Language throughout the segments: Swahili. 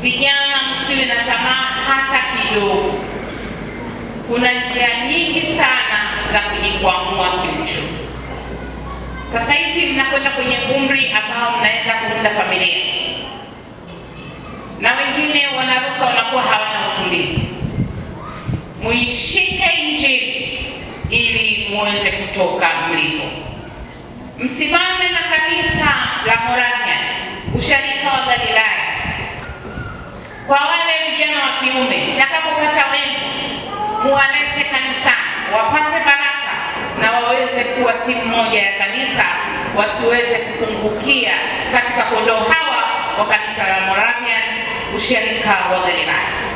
Vijana msiwe na tamaa hata kidogo. Kuna njia nyingi sana za kujikwamua kiuchumi. Sasa hivi mnakwenda kwenye umri ambao mnaweza kuunda familia, na wengine wanaruka, wanakuwa hawana utulivu. Muishike Injili ili muweze kutoka mlipo. Msimame na kanisa la Moravian, usharika wa Galilaya kiume, takapopata wenzi muwalete kanisa wapate baraka na waweze kuwa timu moja ya kanisa, wasiweze kupungukia katika kondoo hawa wa kanisa la Moravian, usharika wa Galilaya.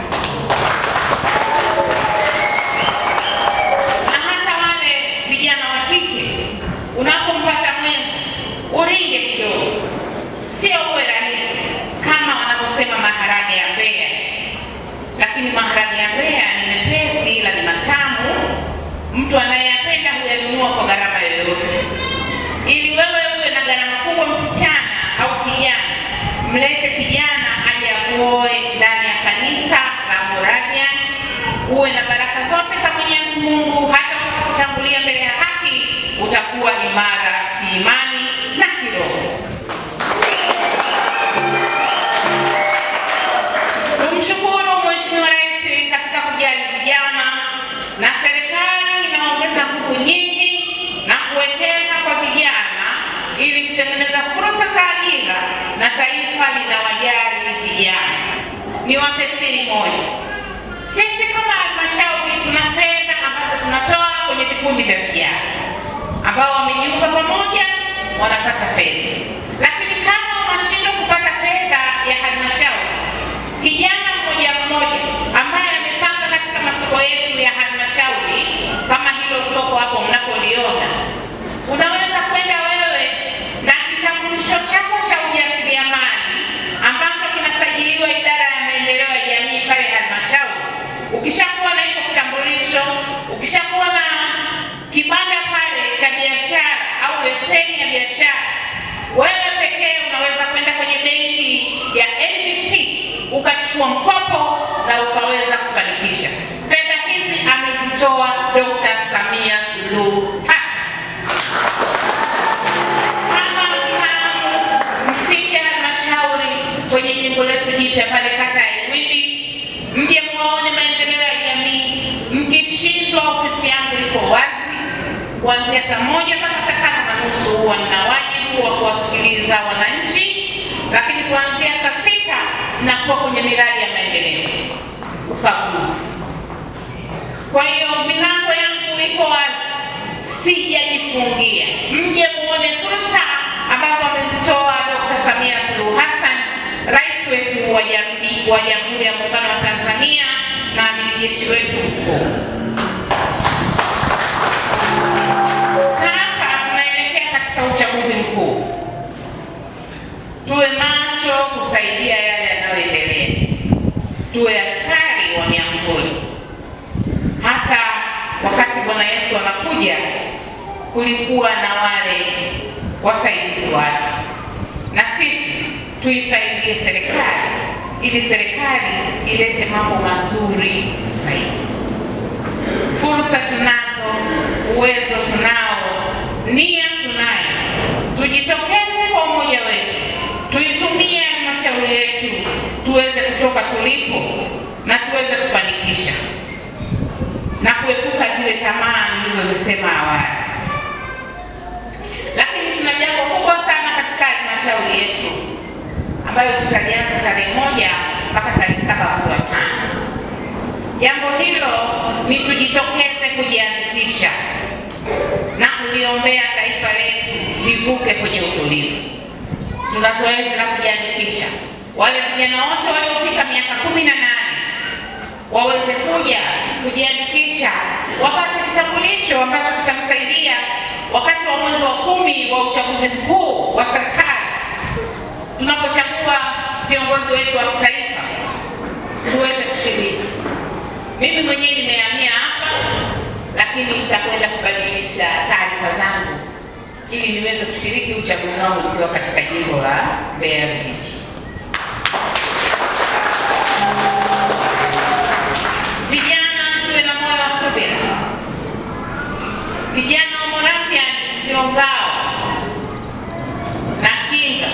kutangulia mbele ya haki, utakuwa imara kiimani na kiroho. Tumshukuru Mheshimiwa Rais katika kujali vijana, na serikali inaongeza nguvu nyingi na kuwekeza kwa vijana ili kutengeneza fursa za ajira na taifa linawajali vijana. Niwape siri moja, sisi kama halmashauri tuna fedha ambazo tunatoa kwenye vikundi vya vijana ambao wamejiunga pamoja, wanapata fedha. Lakini kama unashindwa kupata fedha ya halmashauri, kijana mmoja mmoja ambaye amepanga katika masoko yetu ya halmashauri, kama hilo soko hapo mnapoliona, unaweza kuanzia saa moja mpaka saa tano na nusu huwa nina wajibu wa kuwasikiliza wananchi, lakini kuanzia saa sita nakuwa kwenye miradi ya maendeleo ukaguzi. Kwa hiyo milango yangu iko wazi, sijajifungia. Mje muone fursa ambazo amezitoa Dr. Samia Suluhu Hassan, rais wetu wa Jamhuri ya Muungano wa Tanzania na amiri jeshi wetu mkuu. uchaguzi mkuu, tuwe macho kusaidia yale yanayoendelea, tuwe askari wa miamvuli. Hata wakati Bwana Yesu anakuja, kulikuwa na wale wasaidizi wake, na sisi tuisaidie serikali ili serikali ilete mambo mazuri zaidi. Fursa tunazo, uwezo tunao, nia tujitokeze kwa umoja wetu, tuitumie halmashauri yetu, tuweze kutoka tulipo na tuweze kufanikisha na kuepuka zile tamaa nilizozisema awali. Lakini tuna jambo kubwa sana katika halmashauri yetu ambayo tutalianza tarehe moja mpaka tarehe saba mwezi wa tano. Jambo hilo ni tujitokeze kujiandikisha na kuliombea taifa letu nivuke kwenye utulivu. Tuna zoezi la kujiandikisha, wale vijana wote waliofika miaka kumi na nane waweze kuja kujiandikisha, wapate kitambulisho ambacho kitamsaidia wakati wa mwezi wa kumi wa uchaguzi mkuu wa serikali, tunapochagua viongozi wetu wa kitaifa tuweze kushiriki. Mimi mwenyewe nimehamia hapa, lakini nitakwenda kubadilisha taarifa zangu ili niweze kushiriki uchaguzi wangu ukiwa katika jimbo la Mbeya Vijiji. Vijana tuwe na moyo wa subira, vijana wa Moravian ndio ngao na kinga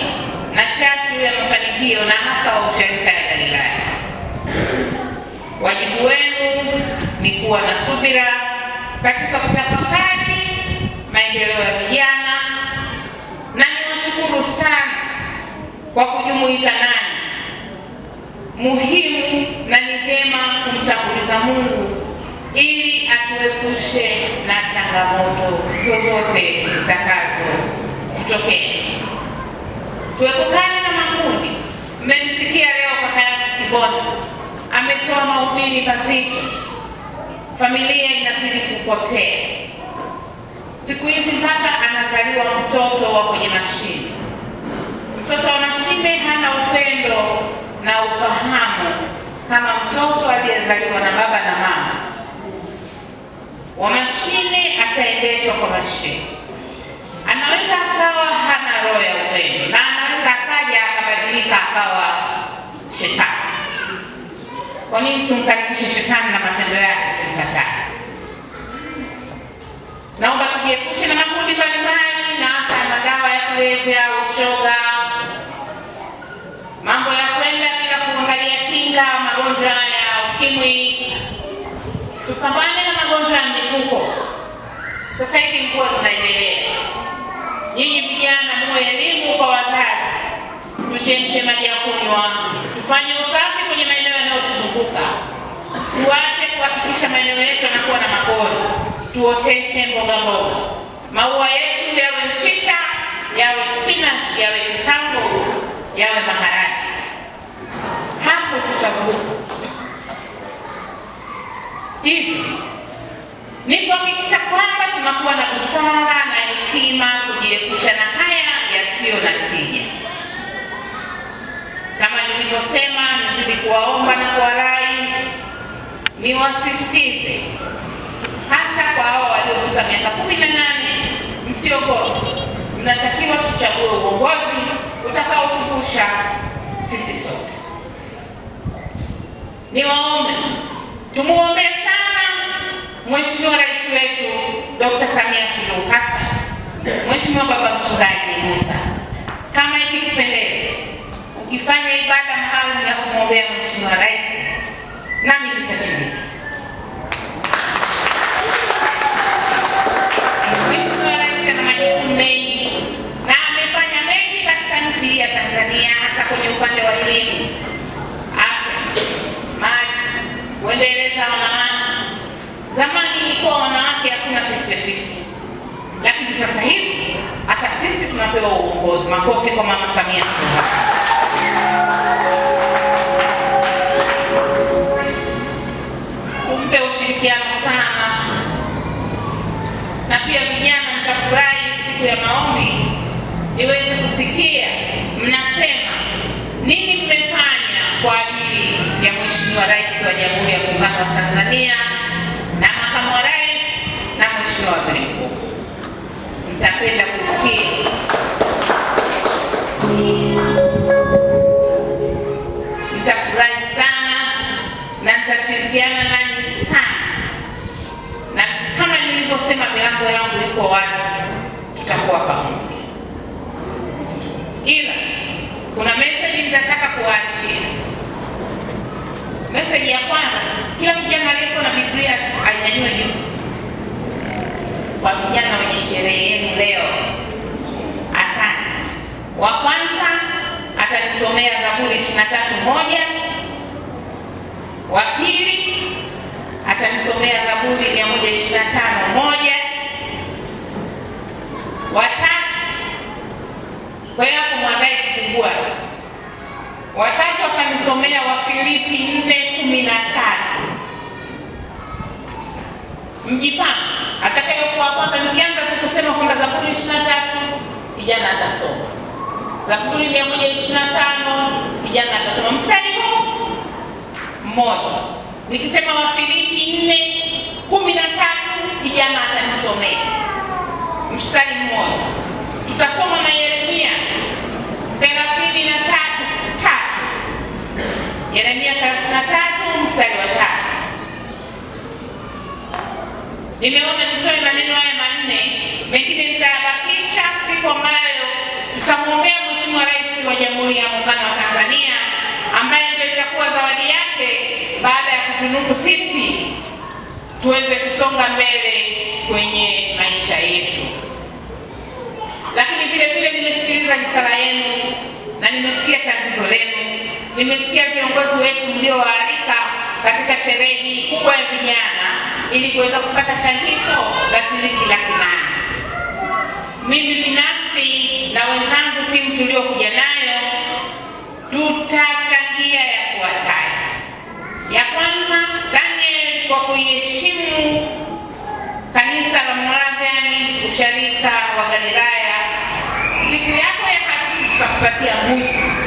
na chachu ya mafanikio na hasa wa usharika ya Galilaya. Wajibu wenu ni kuwa na subira katika kutafakari maendeleo ya vijana kwa kujumuika nani Muhimu na ni vyema kumtanguliza Mungu ili atuepushe na changamoto zozote zitakazo kutokea. Tuepukane na makundi. Mmemsikia leo kaka Kibona ametoa mahubiri mazito, familia inazidi kupotea siku hizi, mpaka anazaliwa mtoto wa kwenye mashine Mtoto wa mashine hana upendo na ufahamu kama mtoto aliyezaliwa na baba na mama. Wamashine ataendeshwa kwa mashine. Anaweza akawa hana roho ya upendo na anaweza akaja akabadilika akawa shetani. Kwa nini tumkaribishe shetani na matendo yake tumkatae? Naomba tujiepushe na makundi mbalimbali na hasa madawa ya kulevya, ushoga mambo ya kwenda bila kuangalia kinga magonjwa ya ukimwi. Tupambane na magonjwa ya mlipuko. Sasa hivi mvua zinaendelea, nyinyi vijana muwe elimu kwa wazazi, tuchemshe maji ya kunywa, tufanye usafi kwenye maeneo yanayotuzunguka, tuache kuhakikisha maeneo yetu yanakuwa na mapori, tuoteshe mboga mboga, maua yetu yawe mchicha, yawe spinach, yawe kisambo, yawe mahara kuvuka. Hivi ni kuhakikisha kwamba tunakuwa na busara na hekima kujiepusha na haya yasiyo na tija. Kama nilivyosema, nizidi kuwaomba na kuwarai, niwasisitize hasa kwa hao waliofika miaka kumi na nane, msiogope. Mnatakiwa tuchague uongozi utakaotuvusha sisi sote. Niwaombe tumuombee sana Mheshimiwa Rais wetu Dr. Samia Suluhu Hassan. Mheshimiwa Baba Mchungaji Musa, kama ikikupendeza ukifanya ibada maalum ya kumwombea Mheshimiwa Rais, nami nitashiriki. Mheshimiwa Rais ana majukumu mengi na amefanya mengi katika nchi ya Tanzania, hasa kwenye upande wa elimu kuendeleza wanawake. Zamani ilikuwa wanawake hakuna 50-50, lakini sasa hivi hata sisi tunapewa uongozi. Makofi kwa mama Samia Suluhu Hassan. Tumpe ushirikiano sana, na pia vijana, mtafurahi siku ya maombi niweze kusikia mnase Mheshimiwa Rais wa Jamhuri ya Muungano wa Tanzania na Makamu wa Rais na Mheshimiwa Waziri Mkuu, nitapenda wa kwanza atakusomea Zaburi 23 moja, wa pili atakusomea Zaburi 125 moja, wa tatu kwa hiyo kufungua. Wa tatu watatu wafilipi wa Filipi 4:13 mjipange atakayokuwa kwanza. Nikianza tu kusema kwamba Zaburi 23 kijana atasoma Zaburi mia moja ishirini na tano kijana atasoma mstari huu mmoja. Nikisema Wafilipi nne kumi na tatu kijana atanisomea mstari mmoja. Tutasoma na Yeremia thelathini na tatu tatu Yeremia thelathini na tatu mstari wa tatu. Nimeona nitoe maneno haya manne, mengine nitabakisha siku ambayo tutamwombea Mheshimiwa Rais wa Jamhuri ya Muungano wa Tanzania ambaye ndio itakuwa zawadi yake baada ya kutunuku sisi tuweze kusonga mbele kwenye maisha yetu. Lakini vile vile nimesikiliza risala yenu na nimesikia tangizo lenu, nimesikia viongozi wetu mliowaalika katika sherehe hii kubwa ya vijana ili kuweza kupata changizo la shilingi laki nane. Mimi binafsi na wenzangu, timu tuliokuja nayo, tutachangia yafuatayo. Ya kwanza, Daniel kwa kuiheshimu kanisa la Moravian usharika wa Galilaya, siku yako ya harusi tutakupatia mwizi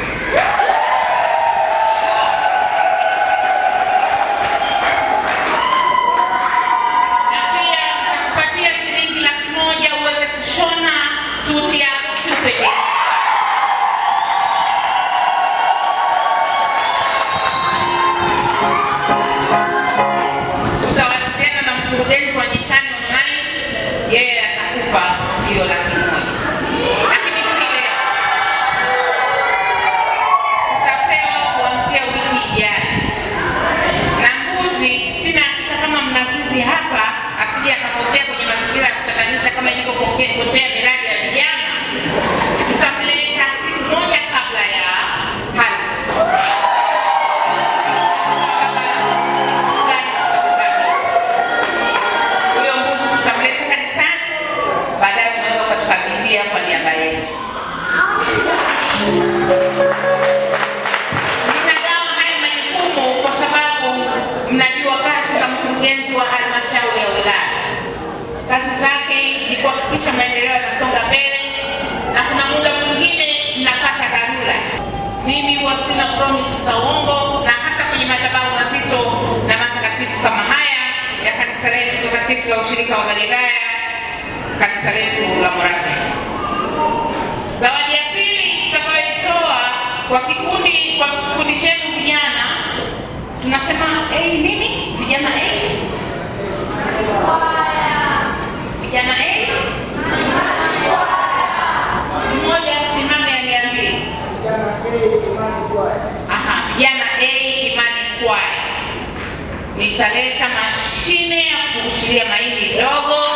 kanisa letu la Moradi. Zawadi ya pili tutakayoitoa kwa kikundi kwa kikundi chetu vijana, tunasema hey, nini vijana hey? hey? nitaleta mashine ya kuuchilia mahindi ndogo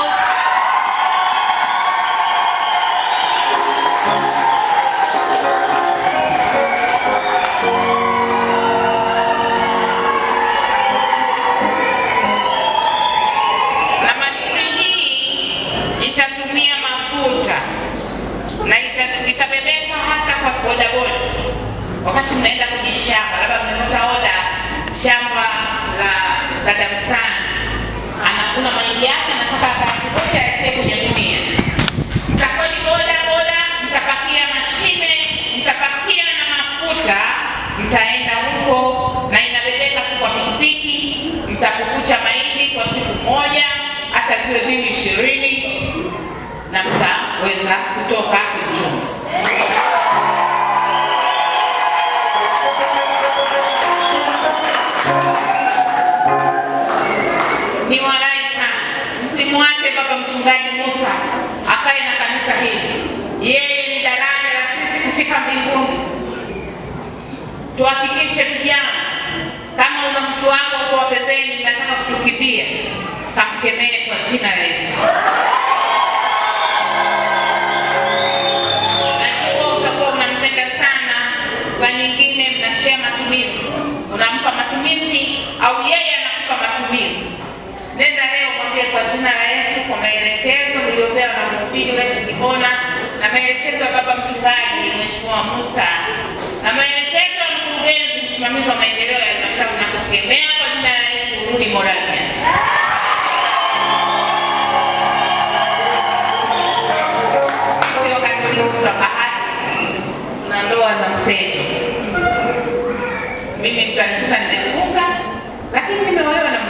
wakati mnaenda kwenye shamba, labda mmepata oda akae na kanisa hili. Yeye ni daraja la sisi kufika mbinguni. Tuhakikishe vijana, kama una mtu wako uko pembeni, nataka kutukimbia, kamkemee kwa jina la Yesu. Kipona na maelekezo ya baba mchungaji Mheshimiwa Musa na maelekezo ya mkurugenzi msimamizi wa maendeleo ya halmashauri na kukemea kwa jina la Yesu urudi Moravia. Sisi wakati tuna bahati, tuna ndoa za mseto. Mimi mtanikuta nimefunga, lakini nimeolewa na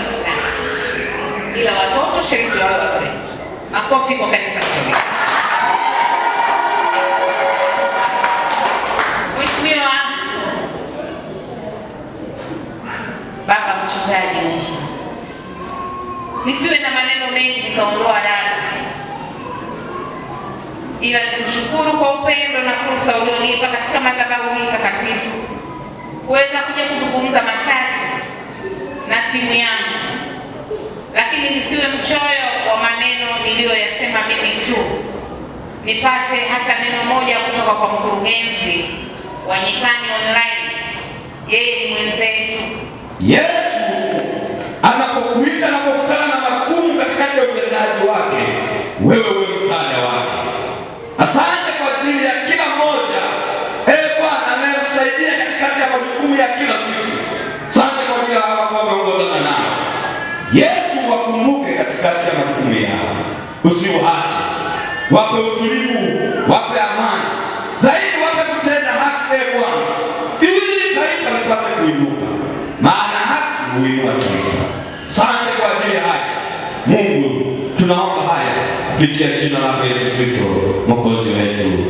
ila watoto wawe Wakristo. Makofi kwa kanisa Katoliki. nisiwe na maneno mengi nikaondoa dada, ila nikushukuru kwa upendo na fursa ulionipa katika madhabahu hii takatifu kuweza kuja kuzungumza machache na timu yangu, lakini nisiwe mchoyo wa maneno niliyoyasema mimi tu, nipate hata neno moja kutoka kwa mkurugenzi wa Nyikani Online. Yeye ni mwenzetu Yesu wewe uwe msaada wake. Asante kwa ajili ya kila mmoja, ee Bwana anayemsaidia katikati ya majukumu ya kila siku. Asante kwa ajili ya hawa wameongozana nao, Yesu, wakumbuke katikati ya majukumu yao, usiuache, wape utulivu, wape amani zaidi, wape kutenda haki, ee Bwana, ili taifa lipate kuinuka, maana haki huinua taifa. Asante kwa ajili haya Mungu, tunaomba liturgia ya jina lako Yesu Kristo é tudo.